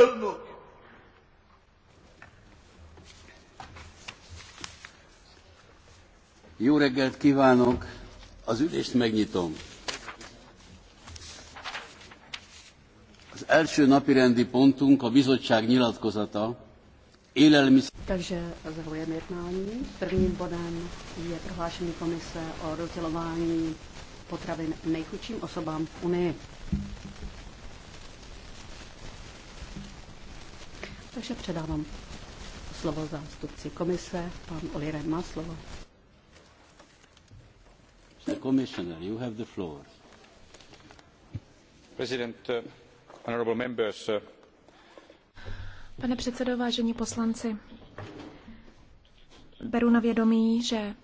elnök! Jó reggelt kívánok! Az ülést megnyitom. Az első napi rendi pontunk a bizottság nyilatkozata. Élelmiszer... Takže zahajujeme jednání. Prvním bodem je prohlášení komise o rozdělování potravin nejchudším osobám v Unii. Takže předávám slovo zástupci komise, pan Oliren má slovo. Mr. Commissioner, you have the floor. President, uh, honorable members, uh... Pane předsedo, vážení poslanci, beru na vědomí, že